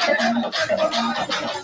どうも。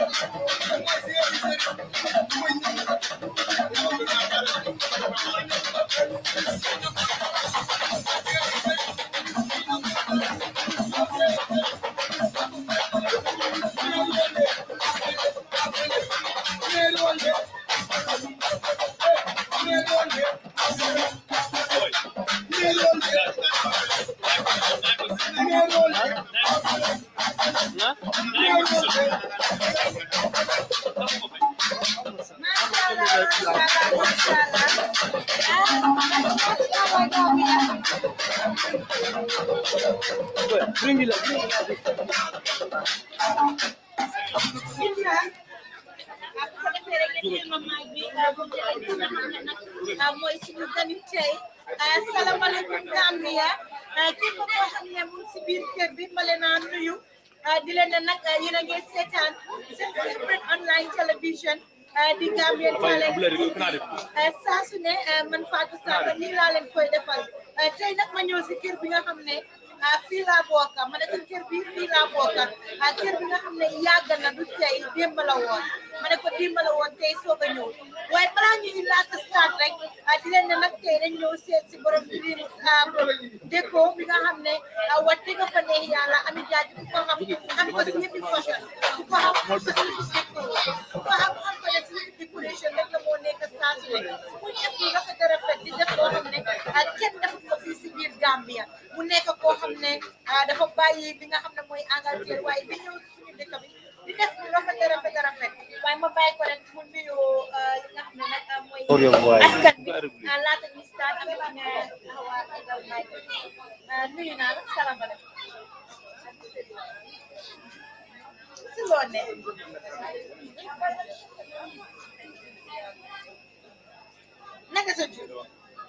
mooy suñu ganu tey asalaamaaleykum Gambia képp koo xam ne a a ah, ah, ah, man Fatou Saba nii laa koy defal tey nag ma ñëw si kër bi nga xam ne fii laa bokk ma ne ko kër bi fii laa bokk ah kër bi nga xam ne yàgg na du tey démb la woon ma ne ko démb la woon tey soog a ñëw waaye balaa ñu ñu laata start rek ah di leen ne nag tey dañ ñëw seet ah, a fii si biir mu nekk koo xam xam ne ah, dafa bàyyi li nga xam ne mooy Angleterre waaye bi ñëw suñu dëkk bi di def lu rafet a rafet a rafet waaye ma bàyyi ko rek mu ah, nga xam ne ah, mooy askan laata ñu si loo ne naka sa jur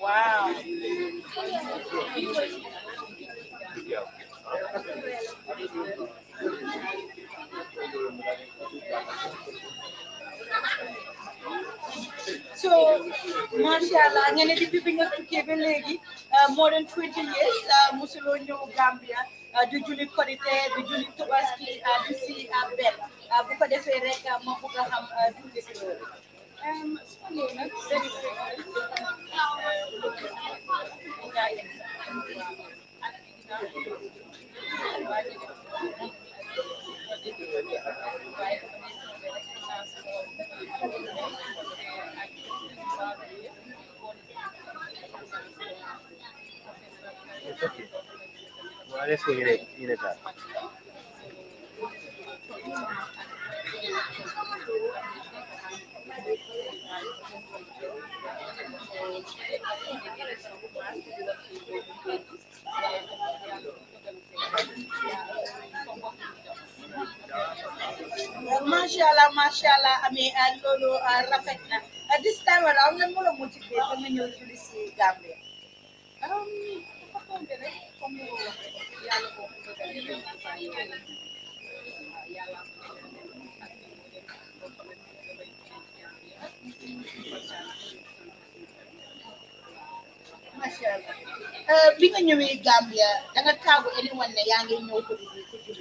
Wow. so macha allah nga ne depuis nga tukkee ba léegi uh, more than twenty years uh, musuloo ñëw Gambia uh, di julli korite di julli tabaski di si benn bu ko defee rek ma bëgg a xam tuuti si loolu. Thank um, Okay. Well, let's get it, get it up. Mashallah, mashallah, ame alolo, uh, rafet na. At this time around, namulang mo si Peter, namulang mo si Gambe. macha allah eh, bi nga ñëwee Gambia da nga tàggu anyone ne yaa ngi ñëw ko di ko di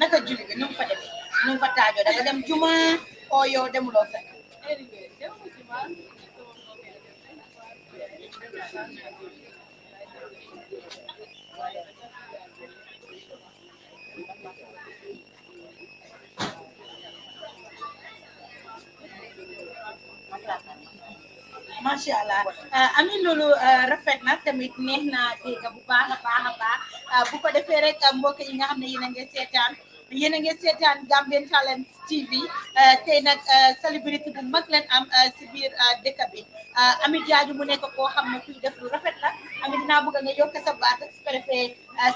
naka julli bi nu mu fa demee min fatta joɗa ko dem juma o yo demulo fen macha allah ah, amin loolu ah, rafet na tamit neex na dégg bu baax a baax a baax bu ko defee rek mbokk yi nga xam ne yéen a ngi yéen a ngi seetaan Gambian Talents TV euh, tey nag euh, célébrité bu mag leen am si euh, biir dëkk bi Ami Jaaju mu nekk koo xam ne kuy def lu rafet la Ami dinaa bëgg nga yokk sa baat su ko defee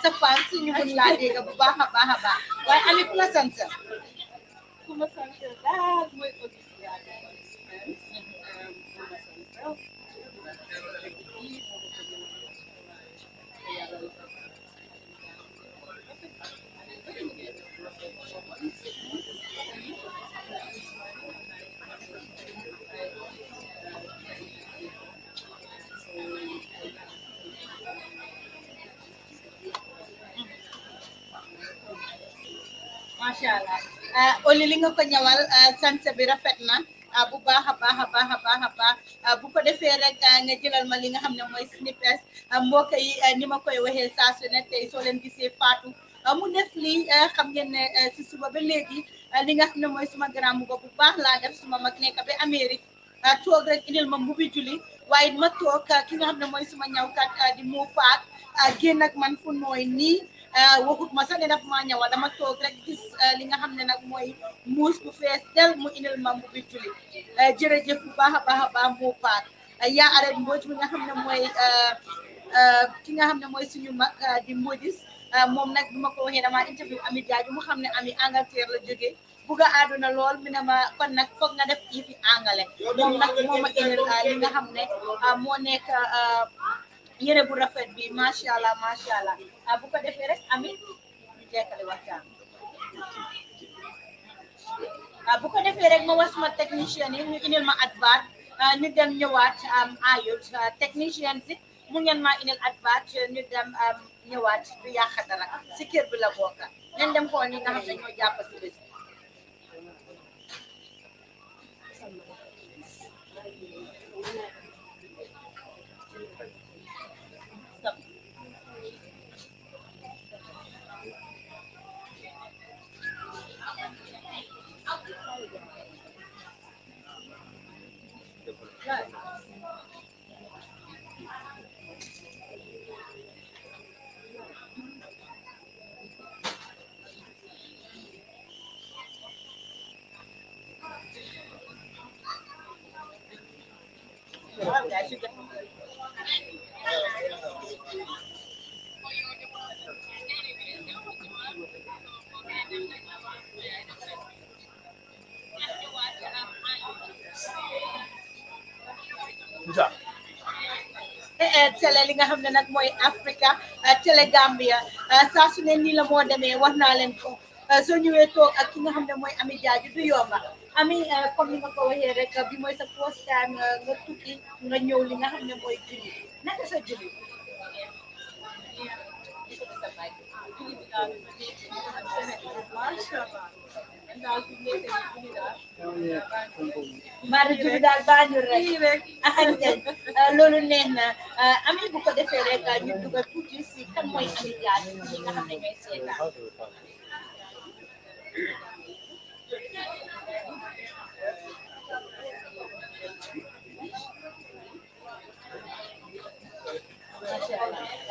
sa fan si ñu mën laa dégg bu baax a baax a baax waaye Ami la sant. ku ma sant Oli ah, li nga ko ñawal ah, sanse bi rafet na ah, bu baax a baax a baax a baax a bu ko defee rek nga jëlal ma li nga xam ne mooy snippets mbokk yi ni ma koy waxee saa su ne tey soo leen gisee Fatou mu def lii xam ngeen ne eh, eh, si suba ba léegi li nga xam ne mooy suma garaam bu bu baax laa def suma mag nekk ba Amérique toog rek indil ma mbubi juli waaye ma toog ki nga xam ne mooy suma ñawkat di mu faat génn ak man fu nooy nii Euh, waxut ma sax ne daf maa ñëwal dama toog rek gis euh, li nga xam ne nag mooy muus bu fees tel mu indil ma mu bijjuli euh, jërëjëf bu baax a baax a baax moo paat yaa aret mbooj nga xam ne mooy ki nga xam ne mooy suñu mag di mbojis moom nag bu ma ko waxee dama interview ami jaaju mu xam ne ami Angleterre la jógee buga àdduna lool mi ne ma kon nag foog nga def yi fi angale moom nag moom a indil li nga xam ne moo nekk yére bu rafet bi macha allah macha allah ah, bu ko defee rek amit ñu jekkale waxtaan ah, bu ko defee rek ma wax ma technicien yi ñu indil ma at advert ah, ñu dem ñëwaat am ayut technicien yi mu ngeen ma indil advert ñu dem ñëwaat du yàq dara si kër bi la bokk nañ dem xool ñi nga xam ne ñoo jàpp si bés télé eh, eh, li nga xam ne nag mooy Africa télé eh, Gambia saa su ne nii la moo demee wax na leen ko soo ñëwee toog ak ki nga xam ne mooy du yomba Ami uh, ah, kami magkawahera ka, bimoy sa posta nga ngatukin, nga nyoli nga kami nga mo'y gili. Naka sa gili. Mara juri da banyo rek. Akan den ah, lolu nena ah, ami bu ko defé rek ñu duga tuti ci kan moy ami gaal ñi nga xamné ñoy sétal.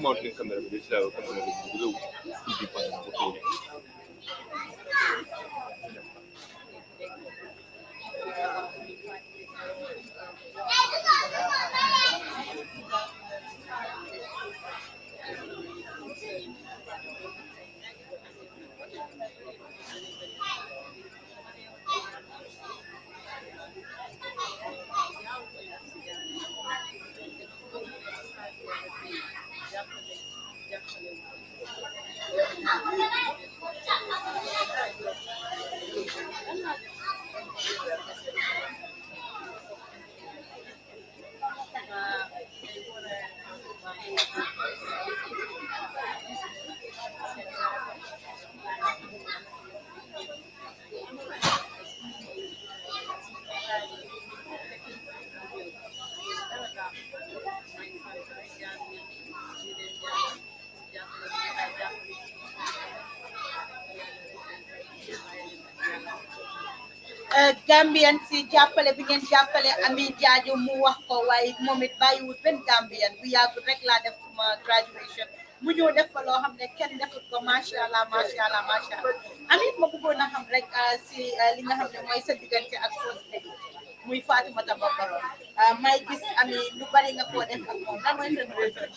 mountain câmera vedeți la o cameră Gambian si jàppale bi ngeen jàppale Amie Jaaju mu wax ko waaye moom it bàyyiwut benn Gambian bu yàggul rek laa def suma graduation mu ñëw def fa loo xam ne kenn def ko macha allah macha allah macha allah amit ma bëggoon a xam rek ah, si ah, li nga xam ne mooy sa diggante ak soos léegi muy Fatoumata Bah Barrow may gis ami lu bari nga koo def ak moom lan mooy seen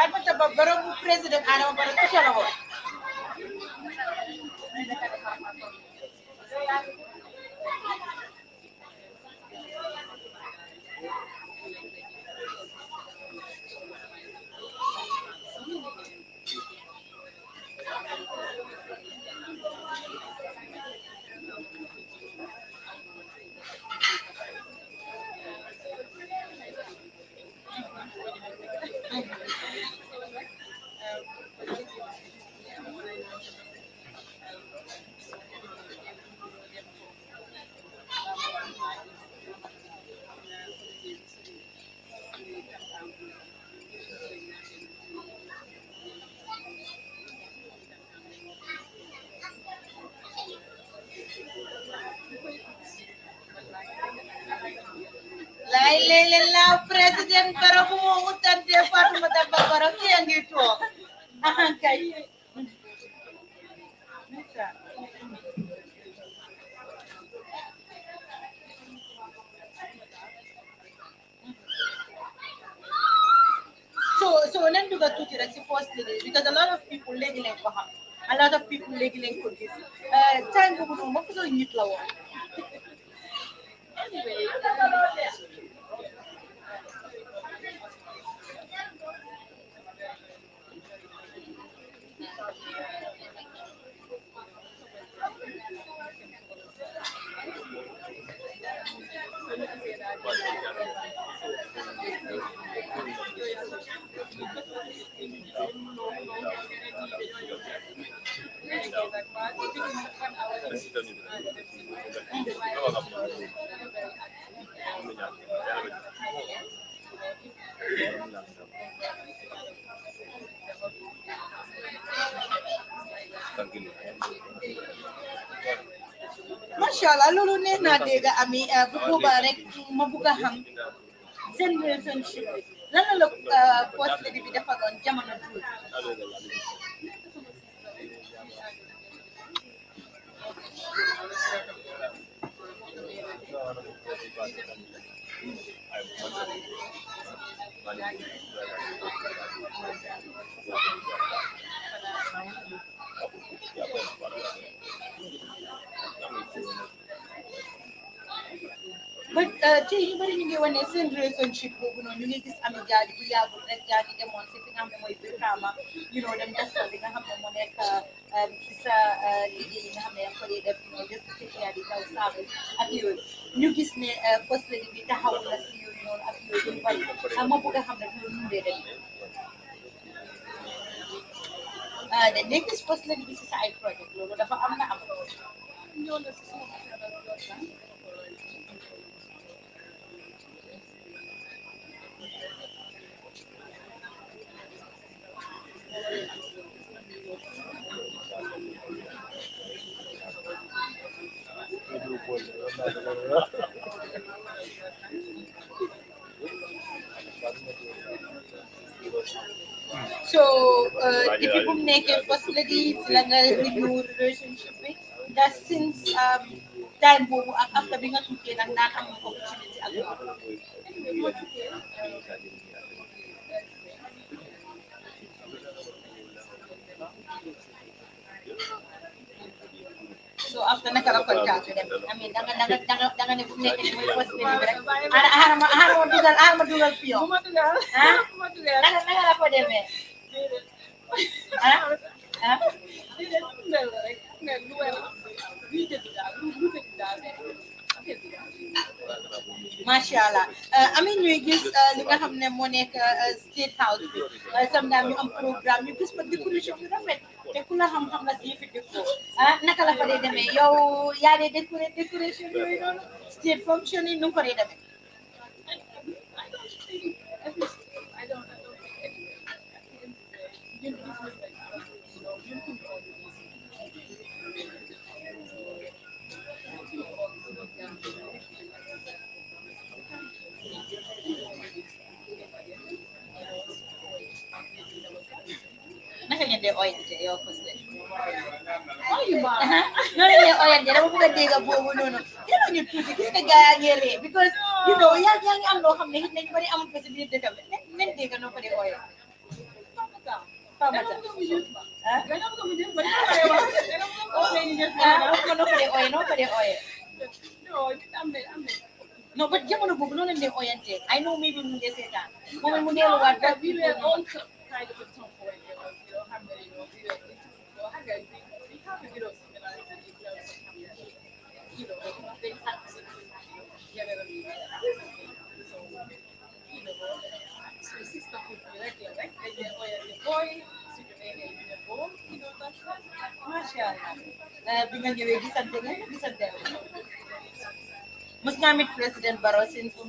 farfata babbaran president Adama Barrow kashe rahoton. President Barrow kumuutan dia di Barrow kaya karo toog ahan kay So, so nan duga tuti rek si first lady because a lot of people lady lañ ko xam a lot of people léegi lañ ko Uh, time ko mo ma fa soo nit la anyway macha allah loolu neex naa dégg ami euh, bu boobaa rek ma bugg a xam seen relationship lan la la euh, first lady bi dafa doon jamono tuuti But uh, anybody ñu ngi wane seen relationship boobu noonu ñu ngi gis ami jaali bu yàggul rek yaa ngi demoon si fi nga xam ne mooy you know dem def li nga xam ne moo nekk si sa liggéey yi ñu gis ne first euh, lady bi taxaw na si yooyu noonu ak yooyu yu euh, bari ma bëgg a xam ne loolu nu dee demee the next first lady bi si sa ay project loolu dafa am na am ñëw na si sama Thank you. depuis bu mu nekkee first lady si la nga renew relationship bi ndax since um, time boobu ak after bi nga tukkee nag naan am opportunity ak so after naka la kontaan dem amiin danga danga danga danga ne bu nekkee mooy fas bi rek xaaral ma xaaral ma dugal xaaral ma dugal fii yow ah naka la ko demee macha allah uh, amin ñuy gis uh, li nga xam ne moo nekk uh, state house bi samedam ñu am programme ñu gis fa décoration bi rafet te ku la xam-xam nga si fi déco naka la fa dee demee yow yaa dee yooyu noonu state function nu ko dee leen dee oyante yow first lady. noonu leen dee oyante dama bëgg a dégg boobu noonu yéen a ñu tuuti gis nga gars yaa ngi ree because you know yaa yaa ngi am loo xam ne it nañu bari amul ko si biir dëkk bi nañ dégg noo ko dee oye. Fabata ah. ah noo ko dee oye noo ko dee oye. No, but jamono boobu noonu leen dee oyante I know maybe mu ngi seetaan moom mu neeluwaat. dengan UAB santunan Presiden Barosin pun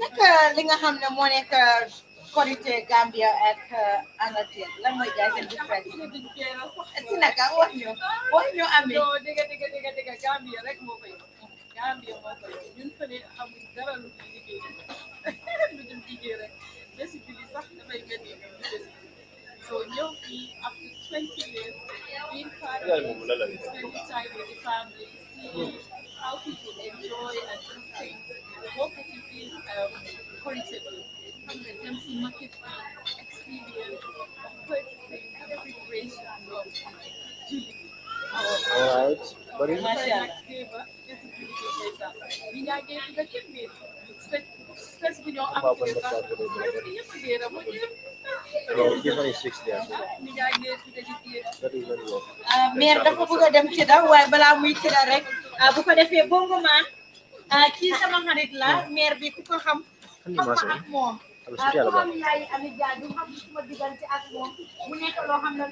nga mo nekk korité Gambia ak Angleterre lan mooy jaay seen différence si naka wax ñu wax ñu amee non dégg dégg dégg Gambia rek moo koy Gambia moo koy ñun fële amul dara lu ñuy liggéey lu dul liggéey rek bési bi sax dafay mel ni so ñëw fii after twenty years being part of spending time with the family see how people enjoy and do things concept xam nga dem si market experience purchasing preparation Alright. But dafa bëgg a dem ci da waaye balaa muy ci da ah, bu ko defee bongo maa Aki sama xarit la maire bi ku ko xam xam ma ak moom ku xam yaay Ami Dia du xam suma diggante ak moom mu nekk loo xam ne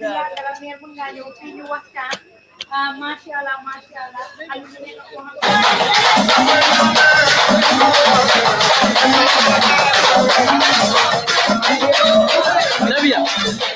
lu allah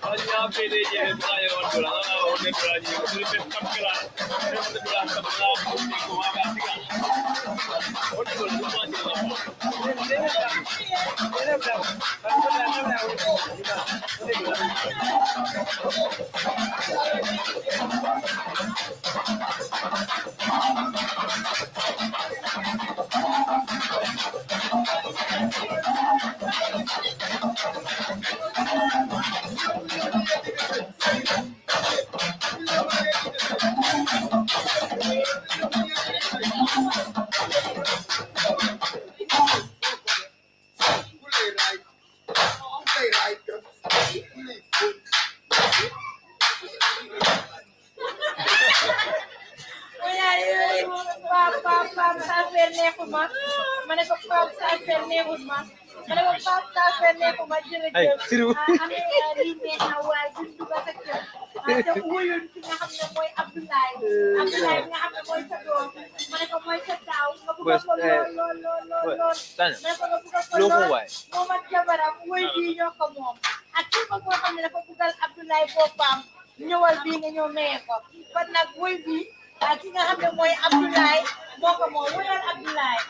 ay siriw ah, ah, ah, te wóyoon ki nga xam ne mooy Abdoulaye eh, Abdoulaye nga xam ne mooy sa doom ne ko mooy sa taaw nga bëgg ko eh, lool lool lool lool lool ma ne ko nga bëgg bii ne ñëw maye ko kon nag wóy bii ki nga xam ne mooy Abdoulaye moo ko moom wóyoon Abdoulaye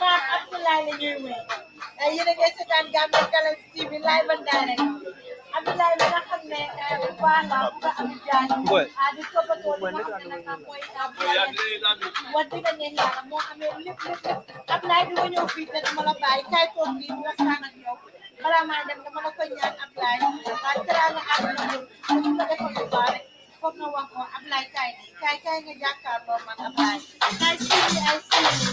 Pape Abdoulaye la ñuy yéen a ngi seetaan Gambian Talents TV live and direct Amilay mi nga xam ne eh, bu baax la bu baax Amie Diagne ah, di toppatoo li nga xam ne nag mooy wax dëgg neex yàlla moo amee lépp lépp lépp Amilay di nga ñëw fii te dama la bàyyi kaay toog fii ñu waxtaan ak yow balaa maa dem dama la ko ñaan Amilay waaye teraanga àdduna bi dafa la defal bu baax rek foog nga wax ko Amilay kaay kaay kaay nga jàkkaarloo man Amilay kaay sii ay sii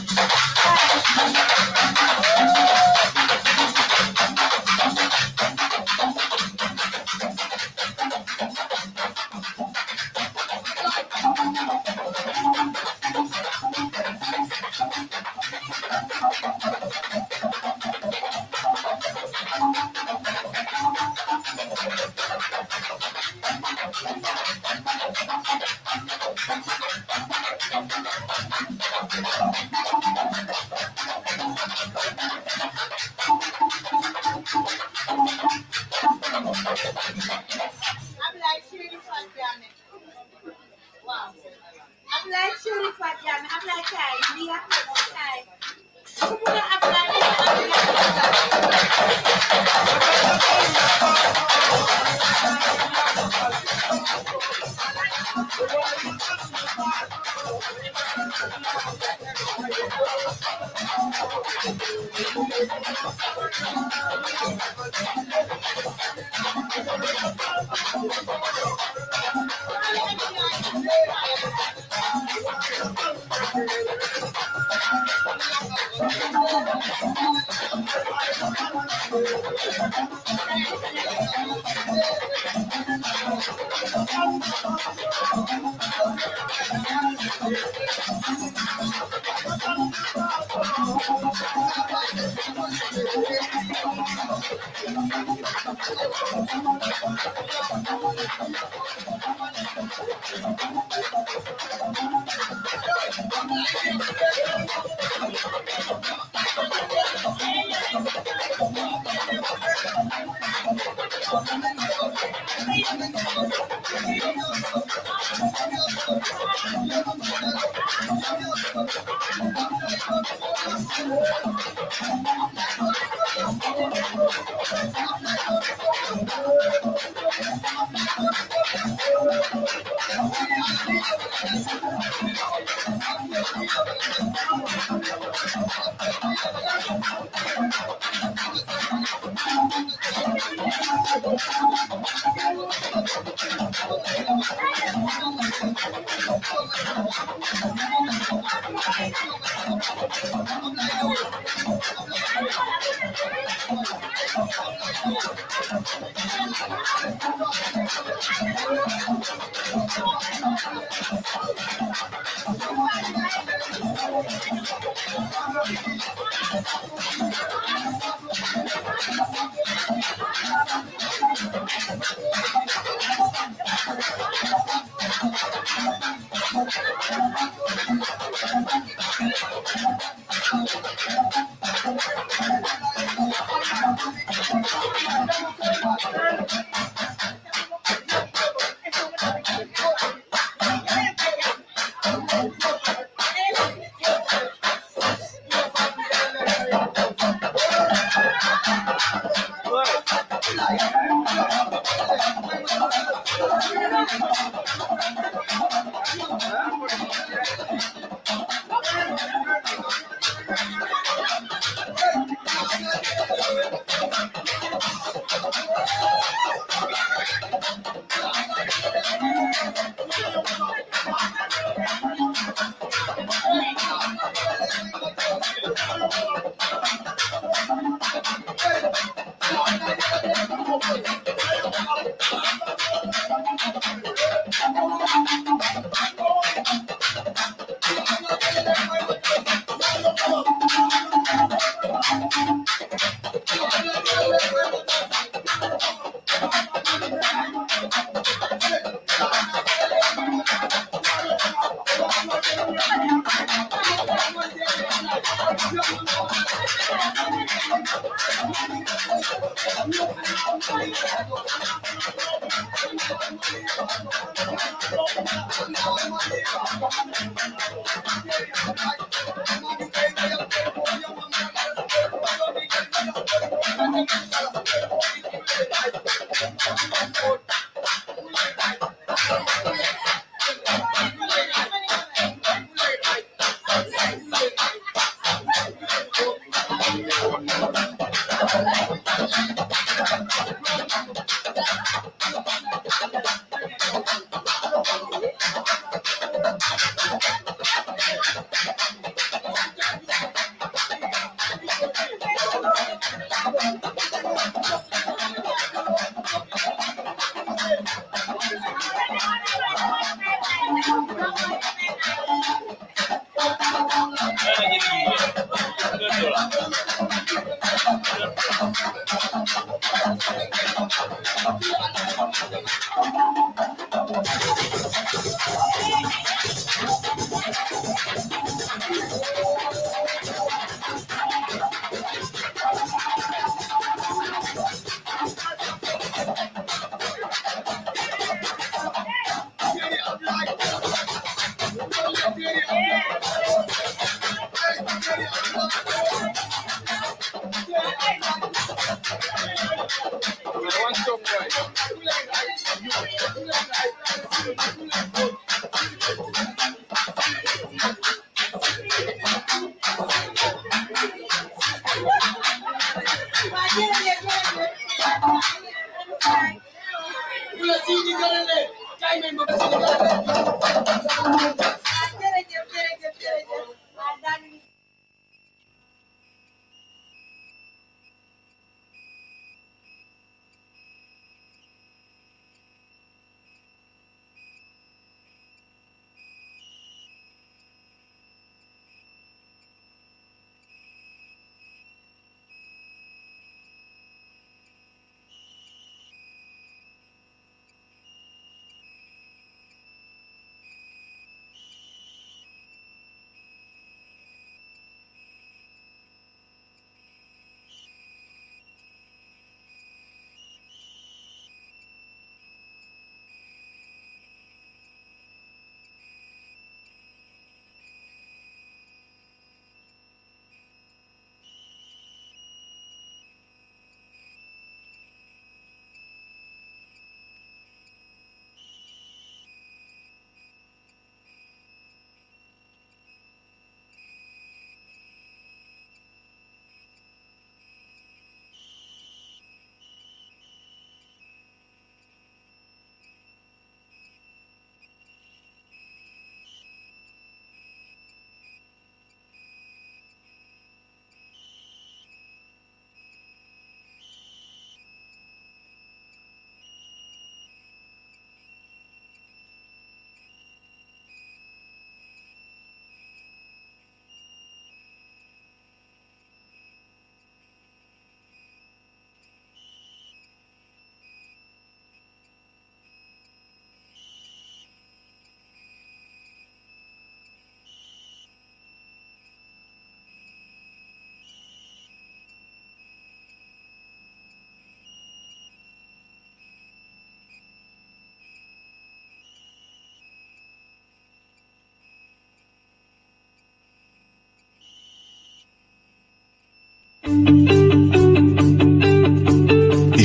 I'm Thank you.